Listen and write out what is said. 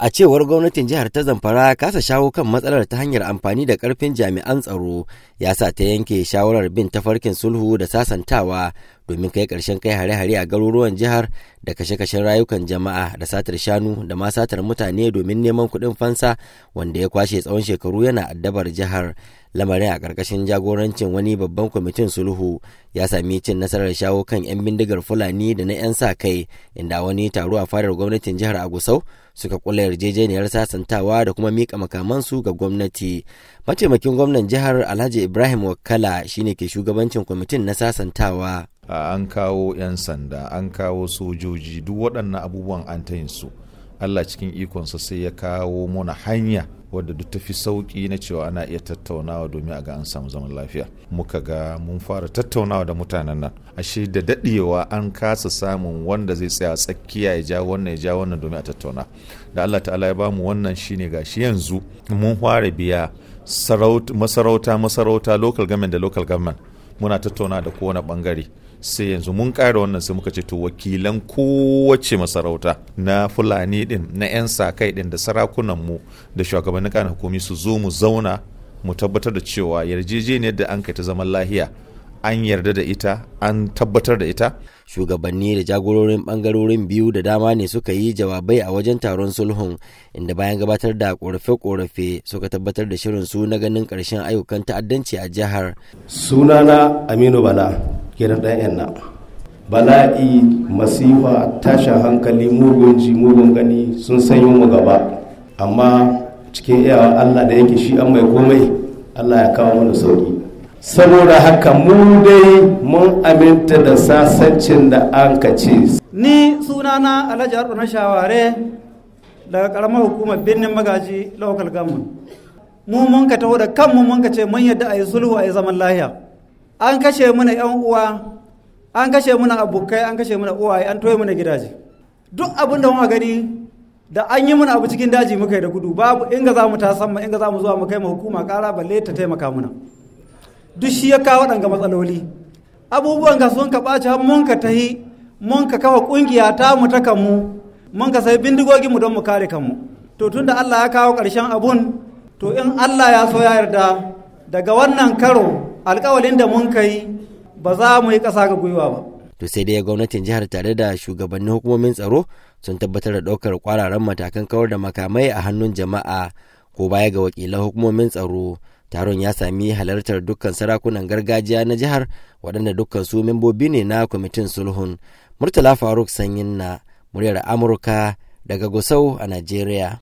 a cewar gwamnatin jihar ta zamfara kasa shawo kan matsalar ta hanyar amfani da karfin jami'an tsaro ya sa ta yanke shawarar bin tafarkin sulhu da sasantawa domin kai ƙarshen kai hare-hare a garuruwan jihar da kashe-kashen rayukan jama'a da satar shanu da ma satar mutane domin neman kuɗin fansa wanda ya kwashe tsawon shekaru yana addabar jihar lamarin a ƙarƙashin jagorancin wani babban kwamitin sulhu ya sami cin nasarar shawo kan 'yan bindigar fulani da na 'yan sa kai inda wani taro a fadar gwamnatin jihar agusau suka kula yarjejeniyar sasantawa da kuma mika makamansu ga gwamnati mataimakin gwamnan jihar alhaji ibrahim wakala shine ke shugabancin kwamitin na sasantawa an kawo 'yan sanda an kawo sojoji duk waɗannan abubuwan an ta yin su allah cikin ikonsa sai ya kawo mana hanya wadda duk ta fi sauƙi na cewa ana iya tattaunawa domin a ga an samu zaman lafiya muka ga mun fara tattaunawa da mutanen nan ashe da daɗewa an kasa samun wanda zai tsaya tsakiya ya ja wannan ya ja wannan domin a tattauna da allah ta'ala ya bamu wannan shine gashi yanzu mun fara biya masarauta masarauta local government da local government muna tattauna da kowane bangare sai yanzu mun kare wannan sai muka ce to wakilan kowace masarauta na fulani din na 'yan sakai din da sarakunan mu da shugabannin kan hukumi su zo mu zauna mu tabbatar da cewa yarjejeniyar da an kai ta zaman lahiya an yarda da ita an tabbatar da ita shugabanni da jagororin bangarorin biyu da dama ne suka yi jawabai a wajen taron sulhun inda bayan gabatar da korafe-korafe suka tabbatar da shirin su na ganin karshen ayyukan ta'addanci a jihar sunana aminu bala gidan ɗan yan bala'i masifa tashin hankali mugun ji mugun gani sun sanyo mu gaba amma cikin iyawa allah da yake shi an mai komai allah ya kawo mana sauki saboda haka mu dai mun aminta da sasancin da an kace ni sunana alhaji na shaware daga karamar hukumar birnin magaji local government mu mun ka taho da kanmu mun ka ce mun yadda a yi sulhu a yi zaman lahiya an kashe mana yan uwa an kashe mana abokai an kashe mana uwaye an toye mana gidaje duk abin da muka gani da an yi mana abu cikin daji muka yi da gudu babu inga za mu ta sama inga za mu zuwa mu kai mu hukuma kara balle ta taimaka muna duk shi ya kawo waɗanga matsaloli abubuwan ka sun ka ɓaci har mun ka tahi mun ka kafa ƙungiya ta mu ta kanmu mun ka sai bindigogin mu don mu kare kanmu to tunda Allah ya kawo karshen abun to in Allah ya so ya yarda daga wannan karo alkawalin da mun kai ba za mu yi ƙasa ga gwiwa ba to sai dai gwamnatin jihar tare da shugabannin hukumomin tsaro sun tabbatar da ɗaukar kwararan matakan kawar da makamai a hannun jama'a ko baya ga wakilan hukumomin tsaro taron ya sami halartar dukkan sarakunan gargajiya na jihar waɗanda dukkan su membobi ne na kwamitin sulhun murtala faruk sanyin na muryar amurka daga gusau a najeriya